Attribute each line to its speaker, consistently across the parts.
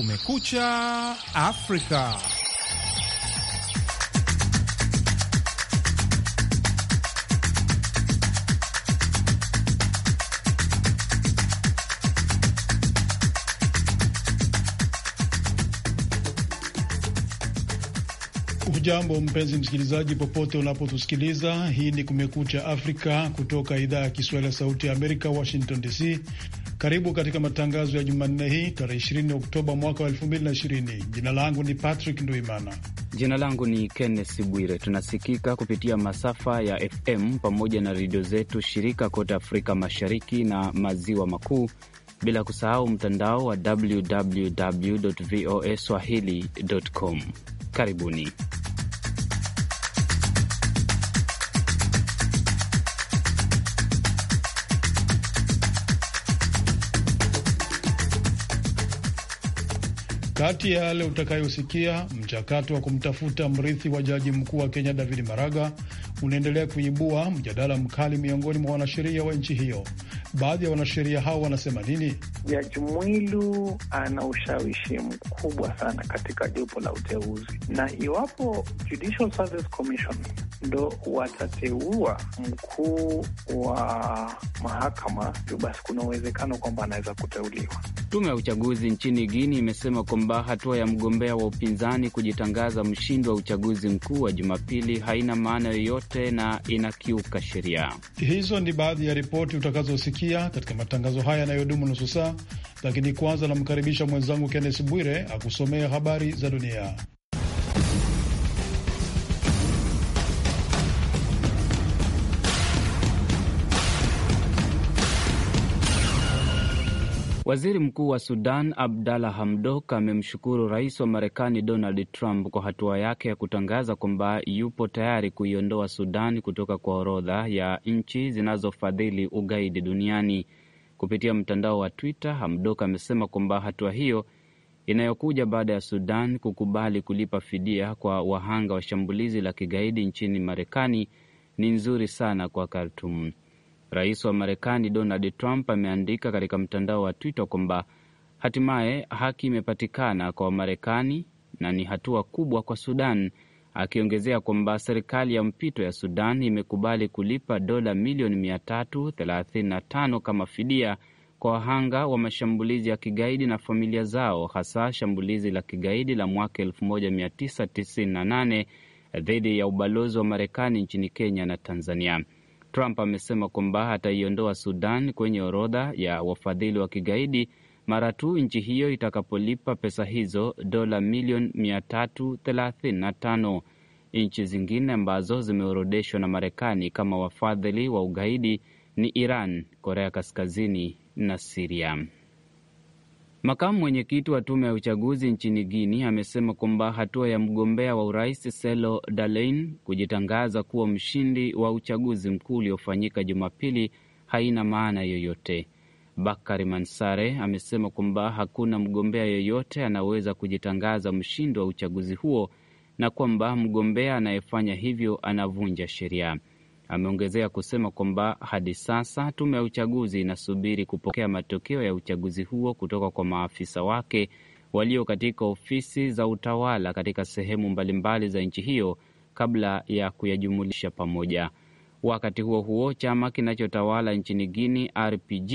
Speaker 1: Kumekucha Afrika. Jambo mpenzi msikilizaji, popote unapotusikiliza. Hii ni Kumekucha Afrika kutoka idhaa ya Kiswahili ya Sauti ya Amerika, Washington DC. Karibu katika matangazo ya Jumanne hii tarehe 20 Oktoba mwaka wa 2020. Jina langu ni Patrick Nduimana.
Speaker 2: Jina langu ni Kenneth Bwire. Tunasikika kupitia masafa ya FM pamoja na redio zetu shirika kote Afrika Mashariki na Maziwa Makuu, bila kusahau mtandao wa www voa swahili.com. Karibuni.
Speaker 1: Kati ya yale utakayosikia, mchakato wa kumtafuta mrithi wa jaji mkuu wa Kenya David Maraga unaendelea kuibua mjadala mkali miongoni mwa wanasheria wa nchi hiyo. Baadhi ya wanasheria hao wanasema nini?
Speaker 3: Jaji Mwilu ana ushawishi mkubwa sana katika jopo la uteuzi, na iwapo Judicial Service Commission ndo watateua mkuu wa mahakama, hivyo basi kuna uwezekano kwamba anaweza kuteuliwa.
Speaker 2: Tume ya uchaguzi nchini Guini imesema kwamba hatua ya mgombea wa upinzani kujitangaza mshindi wa uchaguzi mkuu wa Jumapili haina maana yoyote na inakiuka sheria.
Speaker 1: Hizo ni baadhi ya ripoti utakazosikia katika matangazo haya yanayodumu nusu saa, lakini kwanza namkaribisha mwenzangu Kennes Bwire akusomea habari za dunia.
Speaker 2: Waziri Mkuu wa Sudan Abdalla Hamdok amemshukuru rais wa Marekani Donald Trump kwa hatua yake ya kutangaza kwamba yupo tayari kuiondoa Sudan kutoka kwa orodha ya nchi zinazofadhili ugaidi duniani. Kupitia mtandao wa Twitter, Hamdok amesema kwamba hatua hiyo inayokuja baada ya Sudan kukubali kulipa fidia kwa wahanga wa shambulizi la kigaidi nchini Marekani ni nzuri sana kwa khartum Rais wa Marekani Donald Trump ameandika katika mtandao wa Twitter kwamba hatimaye haki imepatikana kwa Wamarekani na ni hatua kubwa kwa Sudan, akiongezea kwamba serikali ya mpito ya Sudan imekubali kulipa dola milioni 335 kama fidia kwa wahanga wa mashambulizi ya kigaidi na familia zao, hasa shambulizi la kigaidi la mwaka 1998 dhidi ya ubalozi wa Marekani nchini Kenya na Tanzania. Trump amesema kwamba ataiondoa Sudan kwenye orodha ya wafadhili wa kigaidi mara tu nchi hiyo itakapolipa pesa hizo dola milioni 335. Nchi zingine ambazo zimeorodeshwa na Marekani kama wafadhili wa ugaidi ni Iran, Korea Kaskazini na Siria. Makamu mwenyekiti wa tume ya uchaguzi nchini guini amesema kwamba hatua ya mgombea wa urais Selo Dalein kujitangaza kuwa mshindi wa uchaguzi mkuu uliofanyika Jumapili haina maana yoyote. Bakari Mansare amesema kwamba hakuna mgombea yoyote anaweza kujitangaza mshindi wa uchaguzi huo na kwamba mgombea anayefanya hivyo anavunja sheria. Ameongezea kusema kwamba hadi sasa tume ya uchaguzi inasubiri kupokea matokeo ya uchaguzi huo kutoka kwa maafisa wake walio katika ofisi za utawala katika sehemu mbalimbali za nchi hiyo kabla ya kuyajumulisha pamoja. Wakati huo huo, chama kinachotawala nchini Guini RPG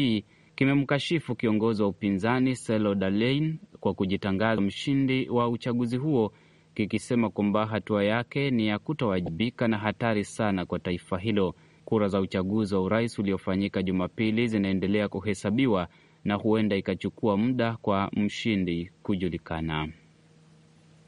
Speaker 2: kimemkashifu kiongozi wa upinzani Selo Dalein kwa kujitangaza mshindi wa uchaguzi huo kikisema kwamba hatua yake ni ya kutowajibika na hatari sana kwa taifa hilo. Kura za uchaguzi wa urais uliofanyika Jumapili zinaendelea kuhesabiwa na huenda ikachukua muda kwa mshindi kujulikana.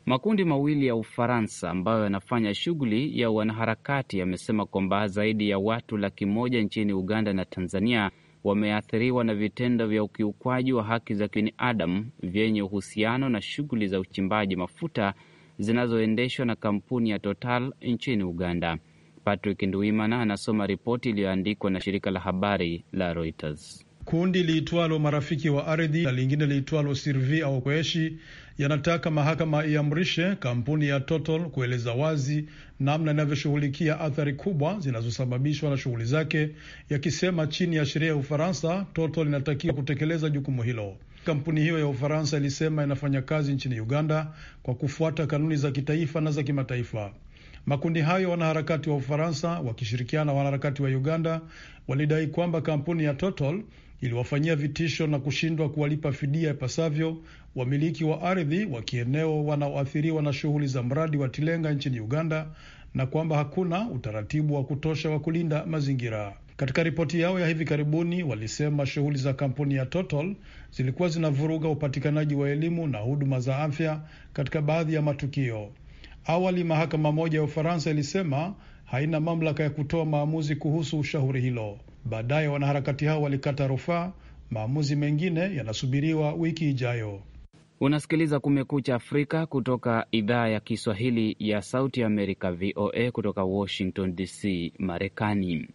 Speaker 2: Makundi mawili ya Ufaransa ambayo yanafanya shughuli ya wanaharakati yamesema kwamba zaidi ya watu laki moja nchini Uganda na Tanzania wameathiriwa na vitendo vya ukiukwaji wa haki za binadamu vyenye uhusiano na shughuli za uchimbaji mafuta zinazoendeshwa na kampuni ya Total nchini Uganda. Patrick Nduimana anasoma ripoti iliyoandikwa na shirika la habari la Reuters.
Speaker 1: Kundi liitwalo Marafiki wa Ardhi na lingine liitwalo Sirvi au Kweshi yanataka mahakama iamrishe kampuni ya Total kueleza wazi namna inavyoshughulikia athari kubwa zinazosababishwa na shughuli zake, yakisema chini ya sheria ya Ufaransa, Total inatakiwa kutekeleza jukumu hilo. Kampuni hiyo ya Ufaransa ilisema inafanya kazi nchini Uganda kwa kufuata kanuni za kitaifa na za kimataifa. Makundi hayo wanaharakati wa Ufaransa wakishirikiana na wanaharakati wa Uganda walidai kwamba kampuni ya Total iliwafanyia vitisho na kushindwa kuwalipa fidia ipasavyo wamiliki wa ardhi wa kieneo wanaoathiriwa na shughuli za mradi wa Tilenga nchini Uganda na kwamba hakuna utaratibu wa kutosha wa kulinda mazingira. Katika ripoti yao ya hivi karibuni, walisema shughuli za kampuni ya Total zilikuwa zinavuruga upatikanaji wa elimu na huduma za afya katika baadhi ya matukio. Awali, mahakama moja ya Ufaransa ilisema haina mamlaka ya kutoa maamuzi kuhusu ushauri hilo. Baadaye wanaharakati hao walikata rufaa. Maamuzi mengine yanasubiriwa wiki ijayo.
Speaker 2: Unasikiliza Kumekucha Afrika kutoka idhaa ya Kiswahili ya Sauti Amerika, VOA, kutoka Washington DC, Marekani.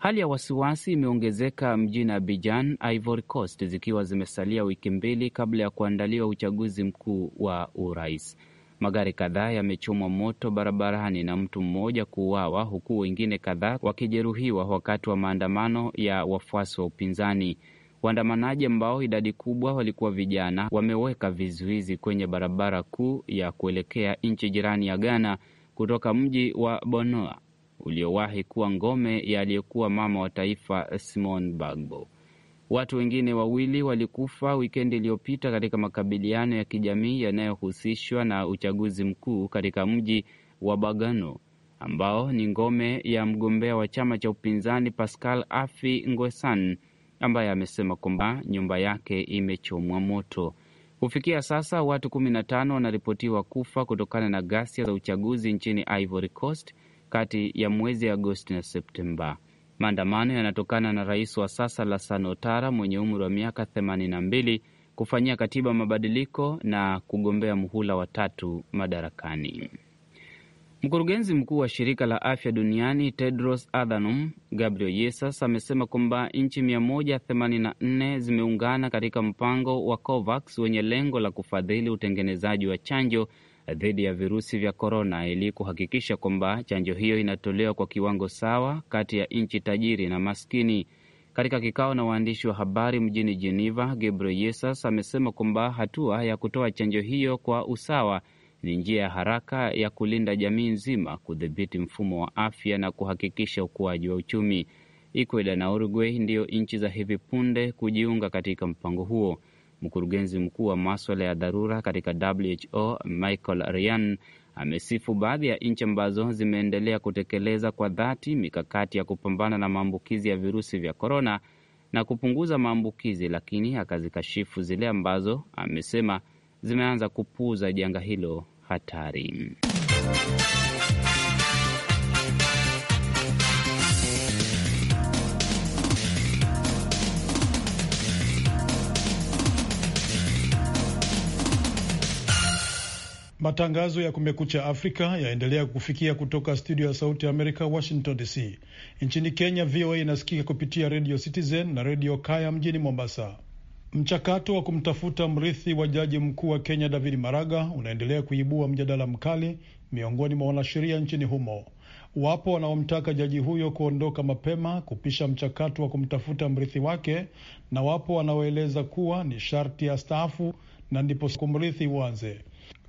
Speaker 2: Hali ya wasiwasi imeongezeka mjini Abidjan, Ivory Coast, zikiwa zimesalia wiki mbili kabla ya kuandaliwa uchaguzi mkuu wa urais. Magari kadhaa yamechomwa moto barabarani na mtu mmoja kuuawa, huku wengine kadhaa wakijeruhiwa wakati wa maandamano ya wafuasi wa upinzani. Waandamanaji ambao idadi kubwa walikuwa vijana wameweka vizuizi kwenye barabara kuu ya kuelekea nchi jirani ya Ghana kutoka mji wa Bonoa uliowahi kuwa ngome ya aliyekuwa mama wa taifa Simon Bagbo. Watu wengine wawili walikufa wikendi iliyopita katika makabiliano ya kijamii yanayohusishwa na uchaguzi mkuu katika mji wa Bagano ambao ni ngome ya mgombea wa chama cha upinzani Pascal Afi Ngwesan ambaye amesema kwamba nyumba yake imechomwa moto. Kufikia sasa watu 15 wanaripotiwa kufa kutokana na ghasia za uchaguzi nchini Ivory Coast kati ya mwezi Agosti na Septemba. Maandamano yanatokana na rais wa sasa la Ouattara mwenye umri wa miaka 82 kufanyia katiba mabadiliko na kugombea muhula wa tatu madarakani. Mkurugenzi mkuu wa shirika la afya duniani Tedros Adhanom Ghebreyesus amesema kwamba nchi 184 zimeungana katika mpango wa COVAX wenye lengo la kufadhili utengenezaji wa chanjo dhidi ya virusi vya korona ili kuhakikisha kwamba chanjo hiyo inatolewa kwa kiwango sawa kati ya nchi tajiri na maskini. Katika kikao na waandishi wa habari mjini Geneva, yesus amesema kwamba hatua ya kutoa chanjo hiyo kwa usawa ni njia ya haraka ya kulinda jamii nzima, kudhibiti mfumo wa afya na kuhakikisha ukuaji wa uchumi. Ecuador na Uruguay ndiyo nchi za hivi punde kujiunga katika mpango huo. Mkurugenzi mkuu wa maswala ya dharura katika WHO Michael Ryan amesifu baadhi ya nchi ambazo zimeendelea kutekeleza kwa dhati mikakati ya kupambana na maambukizi ya virusi vya korona na kupunguza maambukizi, lakini akazikashifu zile ambazo amesema zimeanza kupuuza janga hilo hatari.
Speaker 1: Matangazo ya Kumekucha Afrika yaendelea kufikia kutoka studio ya Sauti ya Amerika, Washington DC. Nchini Kenya, VOA inasikika kupitia Redio Citizen na Redio Kaya mjini Mombasa. Mchakato wa kumtafuta mrithi wa jaji mkuu wa Kenya David Maraga unaendelea kuibua mjadala mkali miongoni mwa wanasheria nchini humo. Wapo wanaomtaka jaji huyo kuondoka mapema kupisha mchakato wa kumtafuta mrithi wake, na wapo wanaoeleza kuwa ni sharti ya staafu na ndipo kumrithi uanze.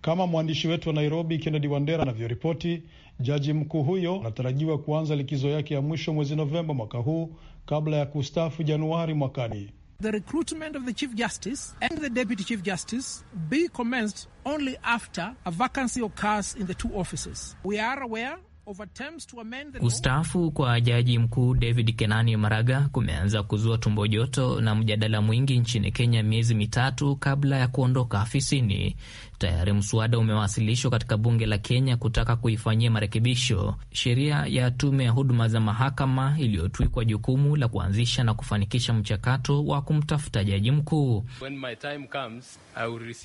Speaker 1: Kama mwandishi wetu wa Nairobi Kennedy Wandera anavyoripoti, jaji mkuu huyo anatarajiwa kuanza likizo yake ya mwisho mwezi Novemba mwaka huu kabla ya kustaafu Januari mwakani. The recruitment of the Chief Justice and the Deputy Chief Justice be commenced only after a vacancy occurs in the two offices.
Speaker 4: We are aware Ustaafu kwa jaji mkuu David Kenani Maraga kumeanza kuzua tumbo joto na mjadala mwingi nchini Kenya, miezi mitatu kabla ya kuondoka afisini. Tayari mswada umewasilishwa katika bunge la Kenya kutaka kuifanyia marekebisho sheria ya tume ya huduma za mahakama iliyotwikwa jukumu la kuanzisha na kufanikisha mchakato wa kumtafuta jaji mkuu.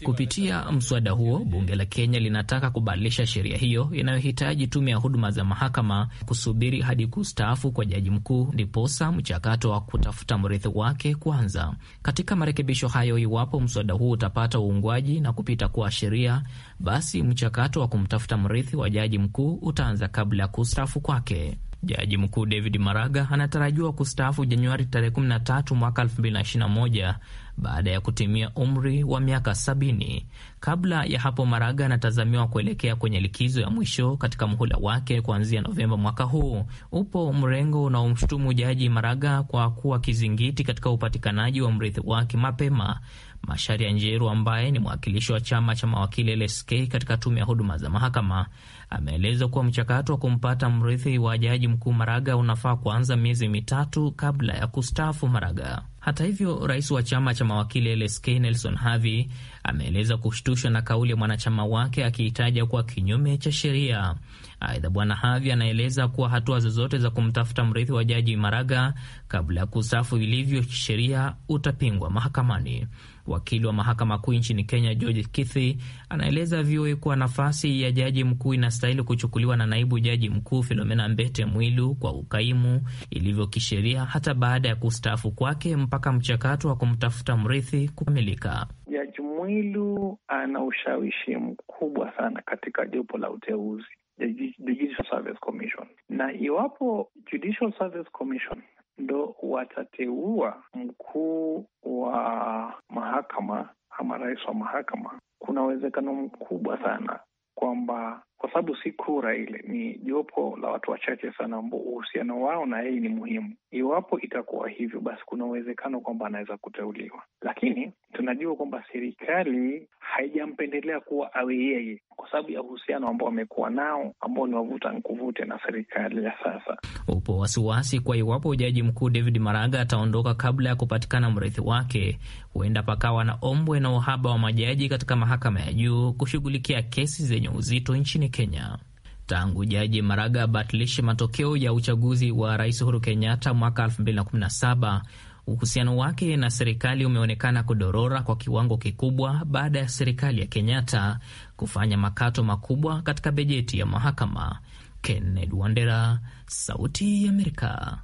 Speaker 2: kupitia
Speaker 4: mswada huo bunge la Kenya linataka kubadilisha sheria hiyo inayohitaji tume ya huduma huduma za mahakama kusubiri hadi kustaafu kwa jaji mkuu, ndiposa mchakato wa kutafuta mrithi wake kwanza Katika marekebisho hayo, iwapo mswada huu utapata uungwaji na kupita kuwa sheria, basi mchakato wa kumtafuta mrithi wa jaji mkuu utaanza kabla ya kustaafu kwake. Jaji mkuu David Maraga anatarajiwa kustaafu Januari tarehe 13 mwaka 2021 baada ya kutimia umri wa miaka sabini. Kabla ya hapo, Maraga anatazamiwa kuelekea kwenye likizo ya mwisho katika mhula wake kuanzia Novemba mwaka huu. Upo mrengo unaomshutumu Jaji Maraga kwa kuwa kizingiti katika upatikanaji wa mrithi wake mapema. Masharia Njeru ambaye ni mwakilishi wa chama cha mawakili LSK katika tume ya huduma za mahakama ameeleza kuwa mchakato wa kumpata mrithi wa jaji mkuu Maraga unafaa kuanza miezi mitatu kabla ya kustaafu Maraga. Hata hivyo, rais wa chama cha mawakili LSK Nelson Havi ameeleza kushtushwa na kauli ya mwanachama wake akiitaja kuwa kinyume cha sheria. Aidha, bwana Havi anaeleza kuwa hatua zozote za kumtafuta mrithi wa jaji Maraga kabla ya kusafu ilivyo sheria utapingwa mahakamani. Wakili wa mahakama kuu nchini Kenya George Kithi anaeleza VOA kuwa nafasi ya jaji mkuu inastahili kuchukuliwa na naibu jaji mkuu Filomena Mbete Mwilu kwa ukaimu ilivyo kisheria, hata baada ya kustaafu kwake mpaka mchakato wa kumtafuta mrithi kukamilika.
Speaker 3: Jaji Mwilu ana ushawishi mkubwa sana katika jopo la uteuzi the the Judicial Service Commission, na iwapo Judicial Service Commission ndo watateua mkuu wa mahakama ama rais wa mahakama, kuna uwezekano mkubwa sana kwamba kwa sababu si kura ile, ni jopo la watu wachache sana ambao uhusiano wao na yeye ni muhimu. Iwapo itakuwa hivyo, basi kuna uwezekano kwamba anaweza kuteuliwa, lakini tunajua kwamba serikali haijampendelea kuwa awe yeye kwa sababu ya uhusiano ambao amekuwa nao ambao ni wavuta nkuvute na serikali ya sasa.
Speaker 4: Upo wasiwasi kwa iwapo jaji mkuu David Maraga ataondoka kabla ya kupatikana mrithi wake, huenda pakawa na ombwe na uhaba wa majaji katika mahakama ya juu kushughulikia kesi zenye uzito nchini nchini Kenya. Tangu Jaji Maraga abatilishe matokeo ya uchaguzi wa Rais Uhuru Kenyatta mwaka 2017 uhusiano wake na serikali umeonekana kudorora kwa kiwango kikubwa baada ya serikali ya Kenyatta kufanya makato makubwa katika bajeti ya mahakama. kenned Wandera, Sauti ya Amerika,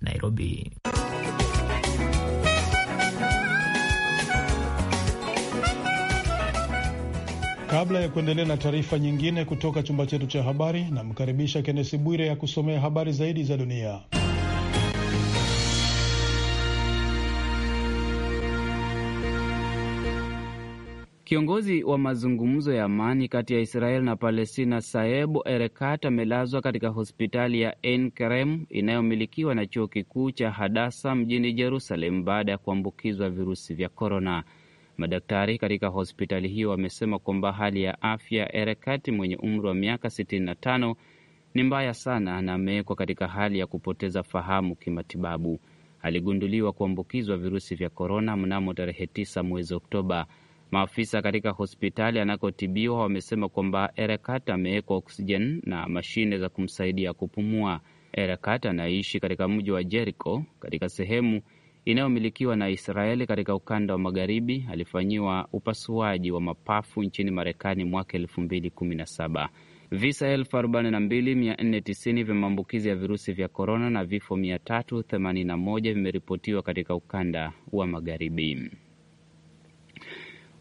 Speaker 4: Nairobi.
Speaker 1: Kabla ya kuendelea na taarifa nyingine kutoka chumba chetu cha habari, namkaribisha Kennesi Bwire ya kusomea habari zaidi za dunia.
Speaker 2: Kiongozi wa mazungumzo ya amani kati ya Israel na Palestina, Saeb Erekat, amelazwa katika hospitali ya Ein Kerem inayomilikiwa na chuo kikuu cha Hadasa mjini Jerusalem baada ya kuambukizwa virusi vya korona. Madaktari katika hospitali hiyo wamesema kwamba hali ya afya Erekati mwenye umri wa miaka 65 ni mbaya sana na amewekwa katika hali ya kupoteza fahamu kimatibabu. Aligunduliwa kuambukizwa virusi vya korona mnamo tarehe 9 mwezi Oktoba. Maafisa katika hospitali anakotibiwa wamesema kwamba Erekat amewekwa oksijeni na mashine za kumsaidia kupumua. Erekat anaishi katika mji wa jerico katika sehemu inayomilikiwa na Israeli katika ukanda wa magharibi alifanyiwa upasuaji wa mapafu nchini Marekani mwaka elfu mbili kumi na saba. Visa elfu arobaini na mbili mia nne tisini vya maambukizi ya virusi vya korona na vifo mia tatu themanini na moja vimeripotiwa katika ukanda wa magharibi.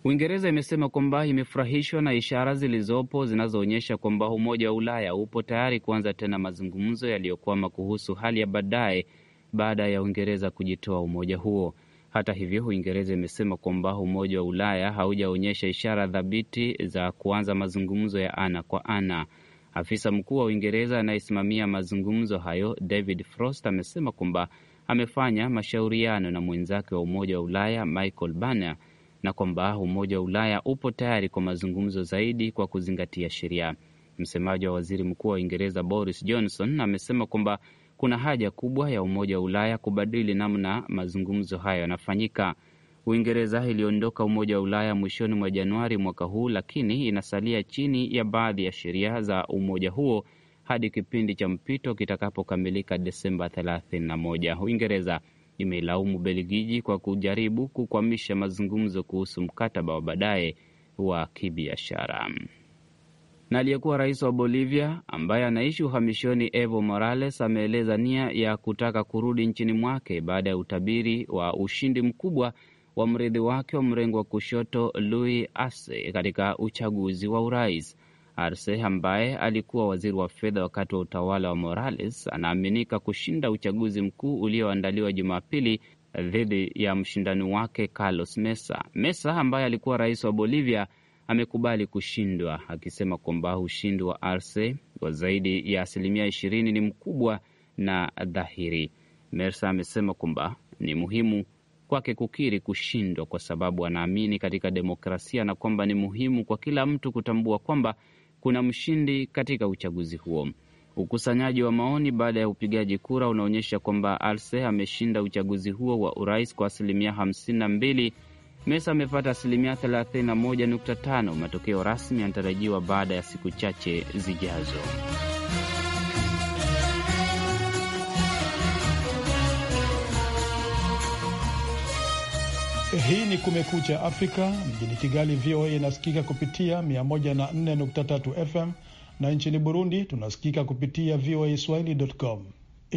Speaker 2: Uingereza imesema kwamba imefurahishwa na ishara zilizopo zinazoonyesha kwamba Umoja wa Ulaya upo tayari kuanza tena mazungumzo yaliyokwama kuhusu hali ya baadaye baada ya Uingereza kujitoa umoja huo. Hata hivyo, Uingereza imesema kwamba Umoja wa Ulaya haujaonyesha ishara thabiti za kuanza mazungumzo ya ana kwa ana. Afisa mkuu wa Uingereza anayesimamia mazungumzo hayo David Frost amesema kwamba amefanya mashauriano na mwenzake wa Umoja wa Ulaya Michael Barnier na kwamba Umoja wa Ulaya upo tayari kwa mazungumzo zaidi kwa kuzingatia sheria. Msemaji wa waziri mkuu wa Uingereza Boris Johnson amesema kwamba kuna haja kubwa ya Umoja wa Ulaya kubadili namna mazungumzo hayo yanafanyika. Uingereza iliondoka Umoja wa Ulaya mwishoni mwa Januari mwaka huu, lakini inasalia chini ya baadhi ya sheria za umoja huo hadi kipindi cha mpito kitakapokamilika Desemba 31. Uingereza imeilaumu Beligiji kwa kujaribu kukwamisha mazungumzo kuhusu mkataba wa baadaye wa kibiashara na aliyekuwa rais wa Bolivia ambaye anaishi uhamishoni Evo Morales ameeleza nia ya kutaka kurudi nchini mwake baada ya utabiri wa ushindi mkubwa wa mrithi wake wa mrengo wa kushoto Luis Arce katika uchaguzi wa urais. Arce ambaye alikuwa waziri wa fedha wakati wa utawala wa Morales anaaminika kushinda uchaguzi mkuu ulioandaliwa Jumapili dhidi ya mshindani wake Carlos Mesa. Mesa ambaye alikuwa rais wa Bolivia amekubali kushindwa, akisema kwamba ushindi wa Arce wa zaidi ya asilimia ishirini ni mkubwa na dhahiri. Mersa amesema kwamba ni muhimu kwake kukiri kushindwa kwa sababu anaamini katika demokrasia na kwamba ni muhimu kwa kila mtu kutambua kwamba kuna mshindi katika uchaguzi huo. Ukusanyaji wa maoni baada ya upigaji kura unaonyesha kwamba Arce ameshinda uchaguzi huo wa urais kwa asilimia hamsini na mbili Mesa amepata asilimia 31.5. Matokeo rasmi yanatarajiwa baada ya siku chache zijazo.
Speaker 1: Hii ni Kumekucha Afrika. Mjini Kigali, VOA inasikika kupitia 104.3 FM na nchini Burundi tunasikika kupitia voa swahili.com.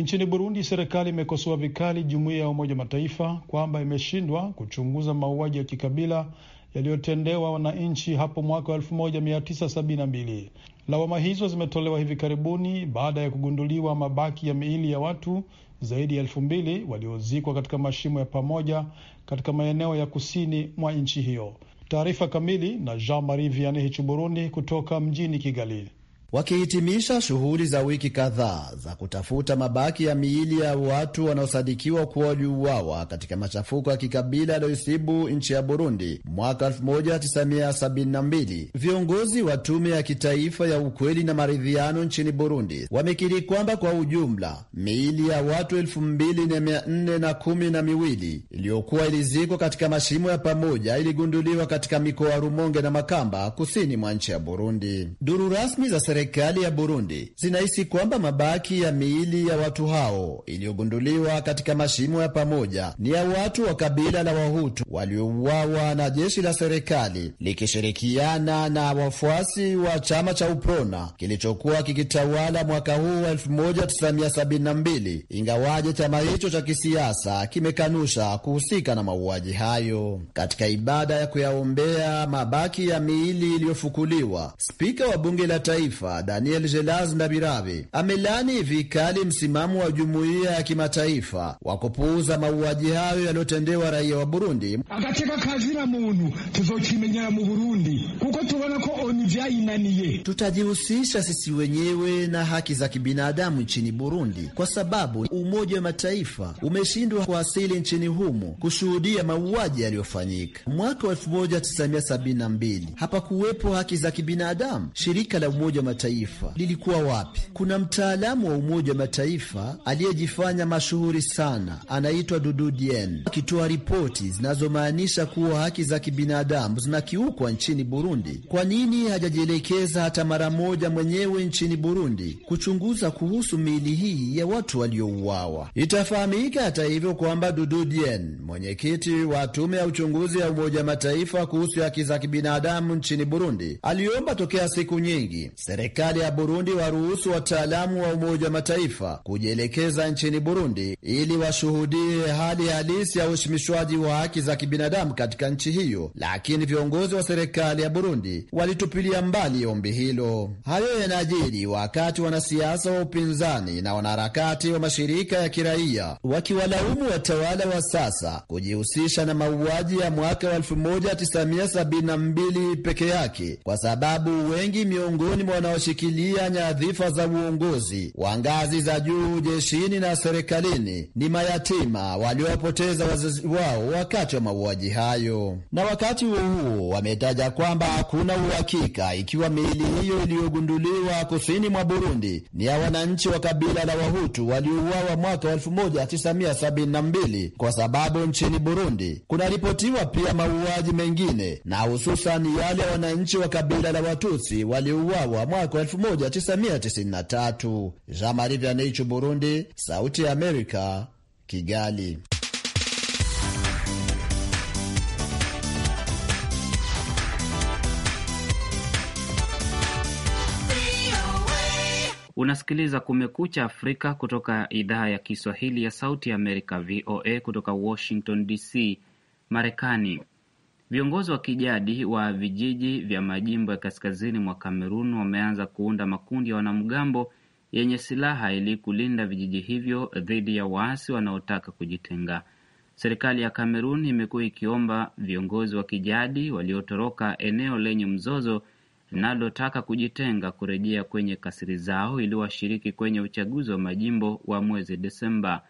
Speaker 1: Nchini Burundi, serikali imekosoa vikali jumuiya ya Umoja Mataifa kwamba imeshindwa kuchunguza mauaji ya kikabila yaliyotendewa wananchi hapo mwaka wa 1972. Lawama hizo zimetolewa hivi karibuni baada ya kugunduliwa mabaki ya miili ya watu zaidi ya elfu mbili waliozikwa katika mashimo ya pamoja katika maeneo ya kusini mwa nchi hiyo. Taarifa kamili na Jean Marie Vianney Hichu Burundi kutoka mjini Kigali.
Speaker 5: Wakihitimisha shughuli za wiki kadhaa za kutafuta mabaki ya miili ya watu wanaosadikiwa kuwa waliuawa katika machafuko ya kikabila yaliyoisibu nchi ya Burundi mwaka 1972, viongozi wa tume ya kitaifa ya ukweli na maridhiano nchini Burundi wamekiri kwamba kwa ujumla miili ya watu elfu miwili iliyokuwa ilizikwa katika mashimo ya pamoja iligunduliwa katika mikoa Rumonge na Makamba kusini mwa nchi ya Burundi. Duru rasmi za serikali ya Burundi zinahisi kwamba mabaki ya miili ya watu hao iliyogunduliwa katika mashimo ya pamoja ni ya watu wa kabila la Wahutu waliouawa na jeshi la serikali likishirikiana na wafuasi wa chama cha UPRONA kilichokuwa kikitawala mwaka huu wa 1972 ingawaje chama hicho cha kisiasa kimekanusha kuhusika na mauaji hayo. Katika ibada ya kuyaombea mabaki ya miili iliyofukuliwa, spika wa bunge la taifa Mataifa Daniel Gelas Ndabirabe amelani vikali msimamo wa jumuiya ya kimataifa wa kupuuza mauaji hayo yaliyotendewa raia wa Burundi. agateka na muntu tuzokimenyera mu Burundi kuko tubona ko oni inaniye Tutajihusisha sisi wenyewe na haki za kibinadamu nchini Burundi kwa sababu Umoja wa Mataifa umeshindwa kuasili nchini humo kushuhudia mauaji yaliyofanyika mwaka 1972 hapa Hapakuwepo haki za kibinadamu. Shirika la Umoja wa Mataifa lilikuwa wapi? Kuna mtaalamu wa Umoja wa Mataifa aliyejifanya mashuhuri sana, anaitwa Dudu Dien, akitoa ripoti zinazomaanisha kuwa haki za kibinadamu zinakiukwa nchini Burundi. Kwa nini hajajielekeza hata mara moja mwenyewe nchini Burundi kuchunguza kuhusu miili hii ya watu waliouawa? Itafahamika hata hivyo kwamba Dudu Dien, mwenyekiti wa tume ya uchunguzi ya Umoja wa Mataifa kuhusu haki za kibinadamu nchini Burundi, aliomba tokea siku nyingi Sere serikali ya Burundi waruhusu wataalamu wa Umoja wa Mataifa kujielekeza nchini Burundi ili washuhudie hali halisi ya uheshimishwaji wa haki za kibinadamu katika nchi hiyo, lakini viongozi wa serikali ya Burundi walitupilia mbali ombi hilo. Hayo yanajiri wakati wanasiasa wa upinzani na wanaharakati wa mashirika ya kiraia wakiwalaumu watawala wa sasa kujihusisha na mauaji ya mwaka wa 1972 peke yake kwa sababu wengi miongoni mwa wanaoshikilia nyadhifa za uongozi wa ngazi za juu jeshini na serikalini ni mayatima waliopoteza wazazi wao wakati wa mauaji hayo. Na wakati huo huo, wametaja kwamba hakuna uhakika ikiwa miili hiyo iliyogunduliwa kusini mwa Burundi ni ya wananchi wa kabila la Wahutu waliouawa mwaka 1972 kwa sababu nchini Burundi kunaripotiwa pia mauaji mengine na hususan yale ya wananchi wa kabila la Watusi waliouawa mwaka mwaka tatu. Jean Marie Vianney Burundi, Sauti ya Amerika, Kigali.
Speaker 2: Unasikiliza Kumekucha Afrika kutoka idhaa ya Kiswahili ya Sauti ya Amerika, VOA, kutoka Washington DC, Marekani. Viongozi wa kijadi wa vijiji vya majimbo ya kaskazini mwa Kamerun wameanza kuunda makundi ya wanamgambo yenye silaha ili kulinda vijiji hivyo dhidi ya waasi wanaotaka kujitenga. Serikali ya Kamerun imekuwa ikiomba viongozi wa kijadi waliotoroka eneo lenye mzozo linalotaka kujitenga kurejea kwenye kasiri zao ili washiriki kwenye uchaguzi wa majimbo wa mwezi Desemba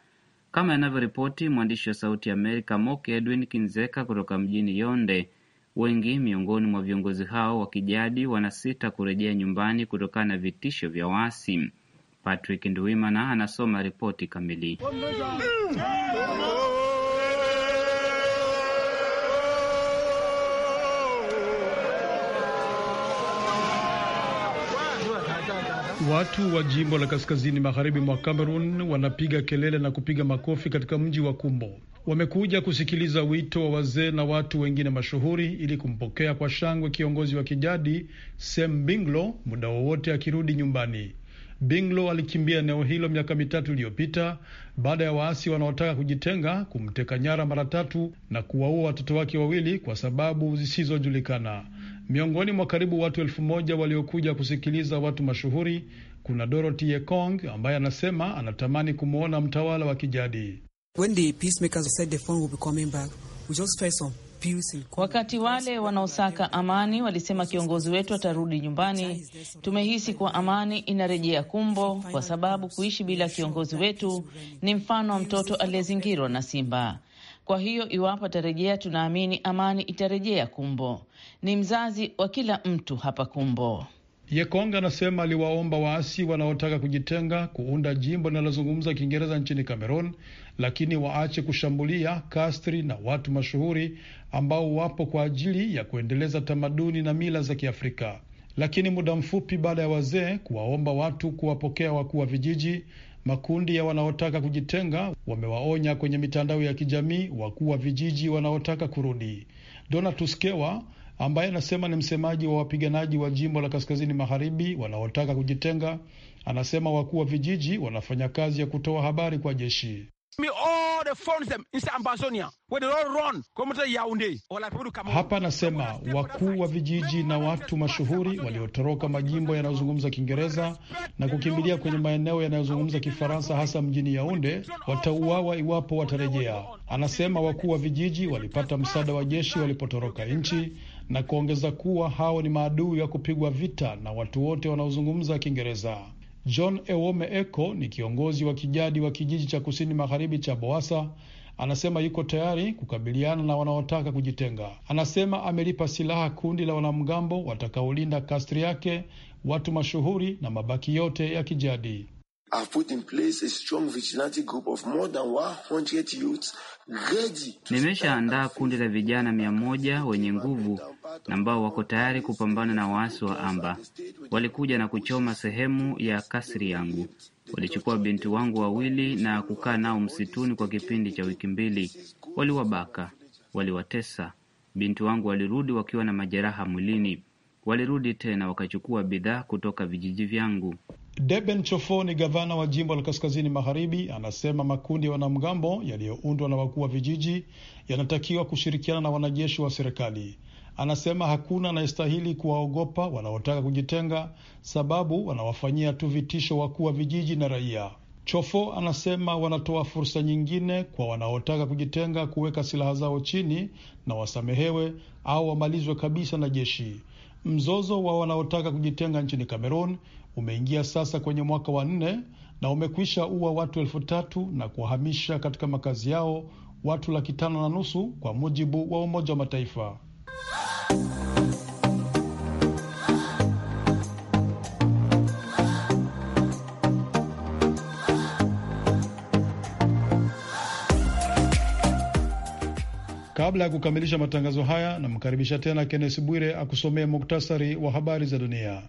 Speaker 2: kama anavyoripoti mwandishi wa Sauti ya Amerika mok Edwin Kinzeka kutoka mjini Yonde. Wengi miongoni mwa viongozi hao wa kijadi wanasita kurejea nyumbani kutokana na vitisho vya waasi. Patrick nduimana anasoma ripoti kamili.
Speaker 1: Watu wa jimbo la kaskazini magharibi mwa Cameroon wanapiga kelele na kupiga makofi katika mji wa Kumbo. Wamekuja kusikiliza wito wa wazee na watu wengine mashuhuri ili kumpokea kwa shangwe kiongozi wa kijadi Sem Binglo muda wowote akirudi nyumbani. Binglo alikimbia eneo hilo miaka mitatu iliyopita baada ya waasi wanaotaka kujitenga kumteka nyara mara tatu na kuwaua watoto wake wawili kwa sababu zisizojulikana. Miongoni mwa karibu watu elfu moja waliokuja kusikiliza watu mashuhuri kuna Dorothy Yekong ambaye anasema anatamani kumwona mtawala wa kijadi.
Speaker 2: Wakati wale wanaosaka amani walisema kiongozi wetu atarudi nyumbani, tumehisi kuwa amani inarejea Kumbo, kwa sababu kuishi bila kiongozi wetu ni mfano wa mtoto aliyezingirwa na simba. Kwa hiyo iwapo atarejea, tunaamini amani itarejea Kumbo. Ni mzazi wa kila mtu hapa Kumbo.
Speaker 1: Yekonga anasema aliwaomba waasi wanaotaka kujitenga kuunda jimbo linalozungumza Kiingereza nchini Cameroon, lakini waache kushambulia kastri na watu mashuhuri ambao wapo kwa ajili ya kuendeleza tamaduni na mila za Kiafrika. Lakini muda mfupi baada ya wazee kuwaomba watu kuwapokea wakuu wa vijiji, Makundi ya wanaotaka kujitenga wamewaonya kwenye mitandao ya kijamii wakuu wa vijiji wanaotaka kurudi. Dona Tuskewa ambaye anasema ni msemaji wa wapiganaji wa jimbo la kaskazini magharibi wanaotaka kujitenga, anasema wakuu wa vijiji wanafanya kazi ya kutoa habari kwa jeshi. Hapa anasema wakuu wa vijiji na watu mashuhuri waliotoroka majimbo yanayozungumza Kiingereza na kukimbilia kwenye maeneo yanayozungumza Kifaransa, hasa mjini Yaunde, watauawa iwapo watarejea. Anasema wakuu wa vijiji walipata msaada wa jeshi walipotoroka nchi na kuongeza kuwa hao ni maadui ya kupigwa vita na watu wote wanaozungumza Kiingereza. John Ewome Eko ni kiongozi wa kijadi wa kijiji cha kusini magharibi cha Boasa. Anasema yuko tayari kukabiliana na wanaotaka kujitenga. Anasema amelipa silaha kundi la wanamgambo watakaolinda kastri yake, watu mashuhuri na mabaki yote ya kijadi.
Speaker 2: Nimeshaandaa kundi la vijana mia moja wenye nguvu ambao wako tayari kupambana na waasi wa amba. Walikuja na kuchoma sehemu ya kasri yangu, walichukua binti wangu wawili na kukaa nao msituni kwa kipindi cha wiki mbili. Waliwabaka, waliwatesa. Binti wangu walirudi wakiwa na majeraha mwilini. Walirudi tena wakachukua bidhaa kutoka vijiji vyangu. Deben
Speaker 1: Chofo ni gavana wa jimbo la kaskazini magharibi, anasema makundi ya wanamgambo yaliyoundwa na wakuu wa vijiji yanatakiwa kushirikiana na wanajeshi wa serikali. Anasema hakuna anayestahili kuwaogopa wanaotaka kujitenga, sababu wanawafanyia tu vitisho wakuu wa vijiji na raia. Chofo anasema wanatoa fursa nyingine kwa wanaotaka kujitenga kuweka silaha zao chini na wasamehewe au wamalizwe kabisa na jeshi. Mzozo wa wanaotaka kujitenga nchini Kamerun umeingia sasa kwenye mwaka wa nne na umekwisha ua watu elfu tatu na kuwahamisha katika makazi yao watu laki tano na nusu kwa mujibu wa Umoja wa Mataifa. Kabla ya kukamilisha matangazo haya, namkaribisha tena Kennes Bwire akusomee muktasari wa habari za dunia.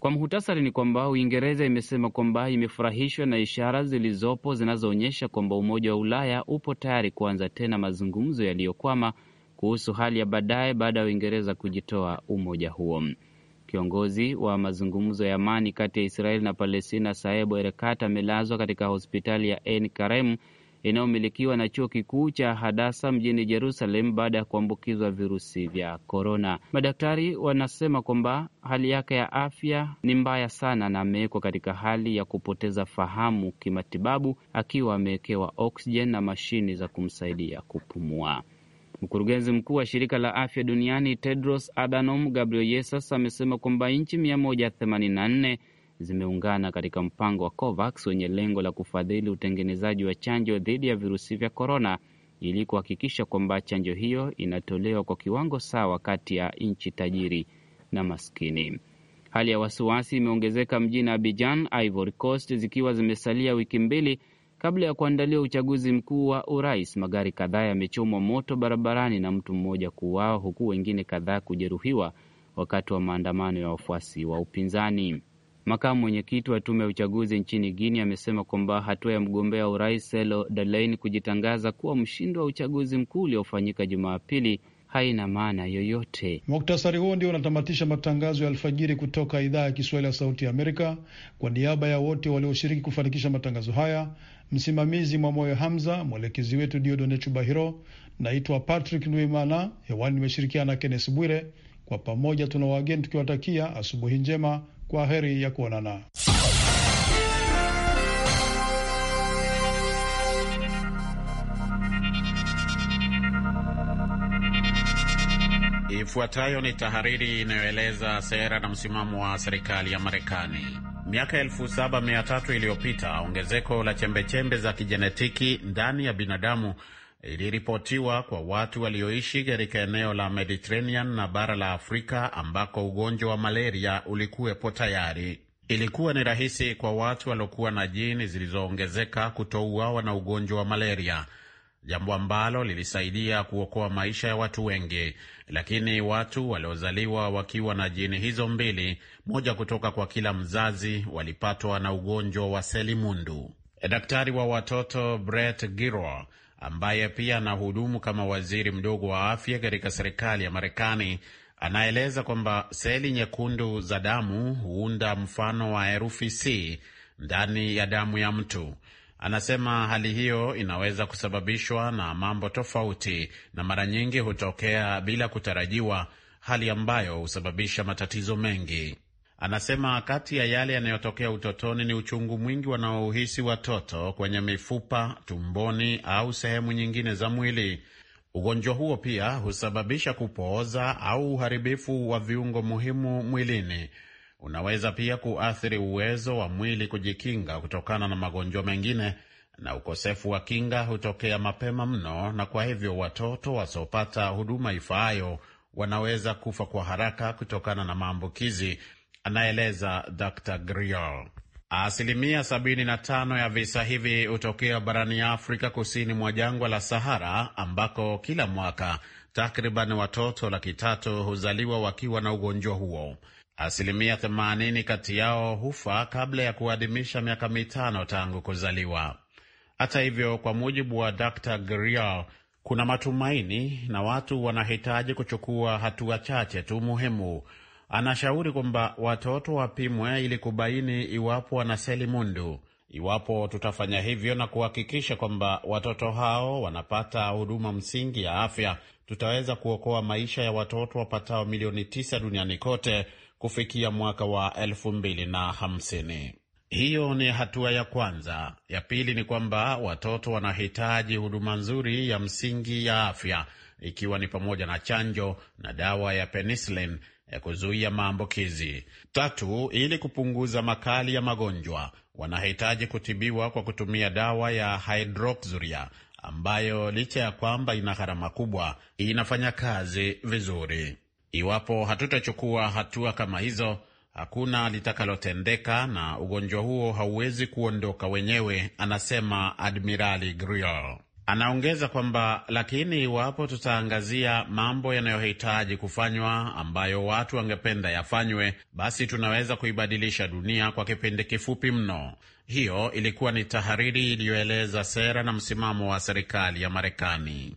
Speaker 2: Kwa muhtasari ni kwamba Uingereza imesema kwamba imefurahishwa na ishara zilizopo zinazoonyesha kwamba Umoja wa Ulaya upo tayari kuanza tena mazungumzo yaliyokwama kuhusu hali ya baadaye baada ya Uingereza kujitoa umoja huo. Kiongozi wa mazungumzo ya amani kati ya Israeli na Palestina, Saeb Erekat, amelazwa katika hospitali ya En Karem inayomilikiwa na chuo kikuu cha Hadasa mjini Jerusalem baada ya kuambukizwa virusi vya korona. Madaktari wanasema kwamba hali yake ya afya ni mbaya sana na amewekwa katika hali ya kupoteza fahamu kimatibabu, akiwa amewekewa oksijeni na mashini za kumsaidia kupumua. Mkurugenzi mkuu wa shirika la afya duniani Tedros Adhanom Ghebreyesus amesema kwamba nchi 184 zimeungana katika mpango wa COVAX wenye lengo la kufadhili utengenezaji wa chanjo dhidi ya virusi vya korona ili kuhakikisha kwamba chanjo hiyo inatolewa kwa kiwango sawa kati ya nchi tajiri na maskini. Hali ya wasiwasi imeongezeka mjini Abidjan, Ivory Coast, zikiwa zimesalia wiki mbili kabla ya kuandalia uchaguzi mkuu wa urais. Magari kadhaa yamechomwa moto barabarani na mtu mmoja kuuawa, huku wengine kadhaa kujeruhiwa wakati wa maandamano ya wafuasi wa upinzani. Makamu mwenyekiti wa tume ya uchaguzi nchini Guinea amesema kwamba hatua ya mgombea urais Selo Dalein kujitangaza kuwa mshindi wa uchaguzi mkuu uliofanyika Jumapili haina maana yoyote.
Speaker 6: Muktasari
Speaker 1: huo ndio unatamatisha matangazo ya alfajiri kutoka idhaa ya Kiswahili ya Sauti ya Amerika. Kwa niaba ya wote walioshiriki kufanikisha matangazo haya, msimamizi mwa moyo Hamza, mwelekezi wetu Diodone Chubahiro. Naitwa Patrick Ndwimana, hewani nimeshirikiana na Kennes Bwire. Kwa pamoja tuna wageni tukiwatakia asubuhi njema kwa heri ya kuonana.
Speaker 6: Ifuatayo ni tahariri inayoeleza sera na msimamo wa serikali ya Marekani. Miaka 73 iliyopita ongezeko la chembechembe za kijenetiki ndani ya binadamu iliripotiwa kwa watu walioishi katika eneo la Mediterranean na bara la Afrika ambako ugonjwa wa malaria ulikuwepo tayari. Ilikuwa ni rahisi kwa watu waliokuwa na jini zilizoongezeka kutouawa na ugonjwa wa malaria, jambo ambalo lilisaidia kuokoa maisha ya watu wengi. Lakini watu waliozaliwa wakiwa na jini hizo mbili, moja kutoka kwa kila mzazi, walipatwa na ugonjwa wa selimundu. Daktari wa watoto Brett Giro ambaye pia anahudumu kama waziri mdogo wa afya katika serikali ya Marekani, anaeleza kwamba seli nyekundu za damu huunda mfano wa herufi C ndani ya damu ya mtu. Anasema hali hiyo inaweza kusababishwa na mambo tofauti na mara nyingi hutokea bila kutarajiwa, hali ambayo husababisha matatizo mengi. Anasema kati ya yale yanayotokea utotoni ni uchungu mwingi wanaouhisi watoto kwenye mifupa, tumboni au sehemu nyingine za mwili. Ugonjwa huo pia husababisha kupooza au uharibifu wa viungo muhimu mwilini. Unaweza pia kuathiri uwezo wa mwili kujikinga kutokana na magonjwa mengine, na ukosefu wa kinga hutokea mapema mno, na kwa hivyo watoto wasiopata huduma ifaayo wanaweza kufa kwa haraka kutokana na maambukizi anaeleza Dr Griol. Asilimia 75 ya visa hivi hutokea barani ya Afrika kusini mwa jangwa la Sahara, ambako kila mwaka takriban watoto laki tatu huzaliwa wakiwa na ugonjwa huo. Asilimia 80 kati yao hufa kabla ya kuadhimisha miaka mitano tangu kuzaliwa. Hata hivyo, kwa mujibu wa Dr griol kuna matumaini na watu wanahitaji kuchukua hatua chache tu muhimu Anashauri kwamba watoto wapimwe ili kubaini iwapo wana seli mundu. Iwapo tutafanya hivyo na kuhakikisha kwamba watoto hao wanapata huduma msingi ya afya, tutaweza kuokoa maisha ya watoto wapatao milioni tisa duniani kote kufikia mwaka wa elfu mbili na hamsini. Hiyo ni hatua ya kwanza. Ya pili ni kwamba watoto wanahitaji huduma nzuri ya msingi ya afya, ikiwa ni pamoja na chanjo na dawa ya penicillin ya kuzuia maambukizi. Tatu, ili kupunguza makali ya magonjwa, wanahitaji kutibiwa kwa kutumia dawa ya hydroxuria ambayo licha ya kwamba ina gharama kubwa, inafanya kazi vizuri. Iwapo hatutachukua hatua kama hizo, hakuna litakalotendeka na ugonjwa huo hauwezi kuondoka wenyewe, anasema Admirali Griol. Anaongeza kwamba lakini iwapo tutaangazia mambo yanayohitaji kufanywa ambayo watu wangependa yafanywe, basi tunaweza kuibadilisha dunia kwa kipindi kifupi mno. Hiyo ilikuwa ni tahariri iliyoeleza sera na msimamo wa serikali ya Marekani.